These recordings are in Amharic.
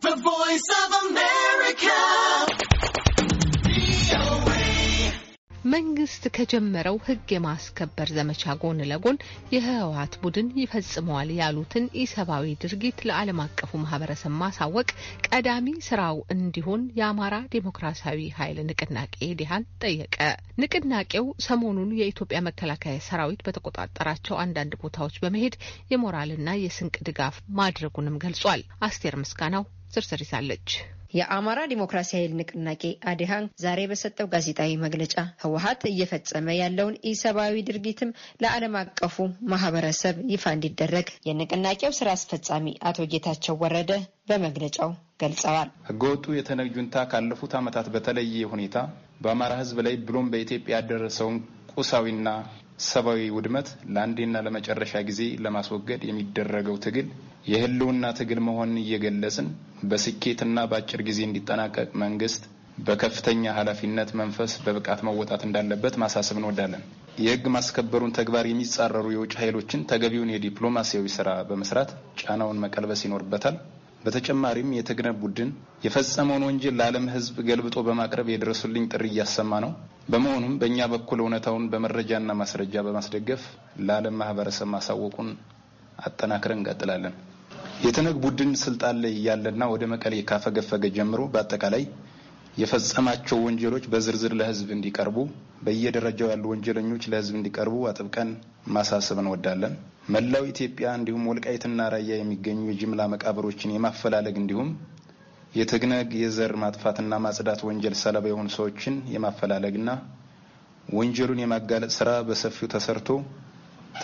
The Voice of America. መንግስት ከጀመረው ሕግ የማስከበር ዘመቻ ጎን ለጎን የህወሀት ቡድን ይፈጽመዋል ያሉትን ኢሰብአዊ ድርጊት ለዓለም አቀፉ ማህበረሰብ ማሳወቅ ቀዳሚ ስራው እንዲሆን የአማራ ዴሞክራሲያዊ ኃይል ንቅናቄ ዲሃን ጠየቀ። ንቅናቄው ሰሞኑን የኢትዮጵያ መከላከያ ሰራዊት በተቆጣጠራቸው አንዳንድ ቦታዎች በመሄድ የሞራልና የስንቅ ድጋፍ ማድረጉንም ገልጿል። አስቴር ምስጋናው ዝርዝር ይዛለች። የአማራ ዲሞክራሲ ኃይል ንቅናቄ አዲሃን ዛሬ በሰጠው ጋዜጣዊ መግለጫ ህወሀት እየፈጸመ ያለውን ኢሰብአዊ ድርጊትም ለዓለም አቀፉ ማህበረሰብ ይፋ እንዲደረግ የንቅናቄው ስራ አስፈጻሚ አቶ ጌታቸው ወረደ በመግለጫው ገልጸዋል። ህገወጡ የተነጁንታ ካለፉት ዓመታት በተለየ ሁኔታ በአማራ ህዝብ ላይ ብሎም በኢትዮጵያ ያደረሰውን ቁሳዊና ሰብአዊ ውድመት ለአንዴና ለመጨረሻ ጊዜ ለማስወገድ የሚደረገው ትግል የህልውና ትግል መሆን እየገለጽን በስኬትና በአጭር ጊዜ እንዲጠናቀቅ መንግስት በከፍተኛ ኃላፊነት መንፈስ በብቃት መወጣት እንዳለበት ማሳሰብ እንወዳለን። የህግ ማስከበሩን ተግባር የሚጻረሩ የውጭ ኃይሎችን ተገቢውን የዲፕሎማሲያዊ ስራ በመስራት ጫናውን መቀልበስ ይኖርበታል። በተጨማሪም የትግነ ቡድን የፈጸመውን ወንጀል ለዓለም ሕዝብ ገልብጦ በማቅረብ የድረሱልኝ ጥሪ እያሰማ ነው። በመሆኑም በእኛ በኩል እውነታውን በመረጃና ማስረጃ በማስደገፍ ለዓለም ማህበረሰብ ማሳወቁን አጠናክረን እንቀጥላለን። የትነግ ቡድን ስልጣን ላይ እያለና ወደ መቀሌ ካፈገፈገ ጀምሮ በአጠቃላይ የፈጸማቸው ወንጀሎች በዝርዝር ለህዝብ እንዲቀርቡ በየደረጃው ያሉ ወንጀለኞች ለህዝብ እንዲቀርቡ አጥብቀን ማሳሰብ እንወዳለን። መላው ኢትዮጵያ እንዲሁም ወልቃይትና ራያ የሚገኙ የጅምላ መቃብሮችን የማፈላለግ እንዲሁም የትግነግ የዘር ማጥፋትና ማጽዳት ወንጀል ሰለባ የሆኑ ሰዎችን የማፈላለግና ወንጀሉን የማጋለጥ ስራ በሰፊው ተሰርቶ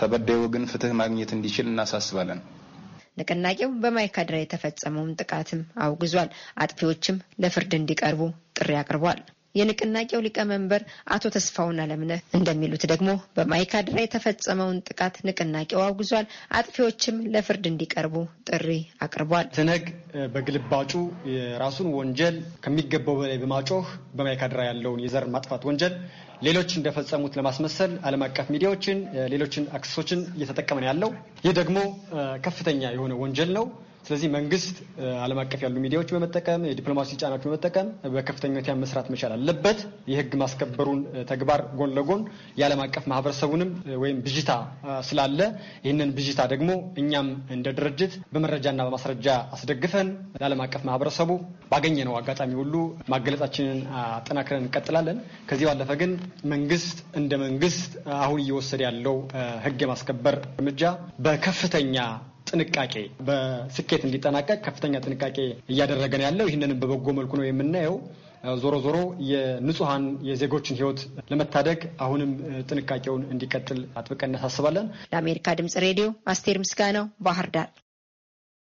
ተበዳይ ወገን ፍትህ ማግኘት እንዲችል እናሳስባለን። ንቅናቄው በማይካድራ የተፈጸመውን ጥቃትም አውግዟል። አጥፊዎችም ለፍርድ እንዲቀርቡ ጥሪ አቅርቧል። የንቅናቄው ሊቀመንበር አቶ ተስፋውን አለምነ እንደሚሉት ደግሞ በማይካድራ የተፈጸመውን ጥቃት ንቅናቄው አውግዟል። አጥፊዎችም ለፍርድ እንዲቀርቡ ጥሪ አቅርቧል። ትነግ በግልባጩ የራሱን ወንጀል ከሚገባው በላይ በማጮህ በማይካድራ ያለውን የዘር ማጥፋት ወንጀል ሌሎች እንደፈጸሙት ለማስመሰል ዓለም አቀፍ ሚዲያዎችን፣ ሌሎችን አክሰሶችን እየተጠቀመ ያለው። ይህ ደግሞ ከፍተኛ የሆነ ወንጀል ነው። ስለዚህ መንግስት ዓለም አቀፍ ያሉ ሚዲያዎች በመጠቀም የዲፕሎማሲ ጫናዎች በመጠቀም በከፍተኛ ሁኔታ መስራት መቻል አለበት። የህግ ማስከበሩን ተግባር ጎን ለጎን የዓለም አቀፍ ማህበረሰቡንም ወይም ብዥታ ስላለ ይህንን ብዥታ ደግሞ እኛም እንደ ድርጅት በመረጃና በማስረጃ አስደግፈን ለዓለም አቀፍ ማህበረሰቡ ባገኘነው አጋጣሚ ሁሉ ማገለጻችንን አጠናክረን እንቀጥላለን። ከዚህ ባለፈ ግን መንግስት እንደ መንግስት አሁን እየወሰደ ያለው ህግ የማስከበር እርምጃ በከፍተኛ ጥንቃቄ በስኬት እንዲጠናቀቅ ከፍተኛ ጥንቃቄ እያደረገን ያለው ይህንንም በበጎ መልኩ ነው የምናየው። ዞሮ ዞሮ የንጹሐን የዜጎችን ህይወት ለመታደግ አሁንም ጥንቃቄውን እንዲቀጥል አጥብቀን እናሳስባለን። ለአሜሪካ ድምጽ ሬዲዮ አስቴር ምስጋናው ባህር ዳር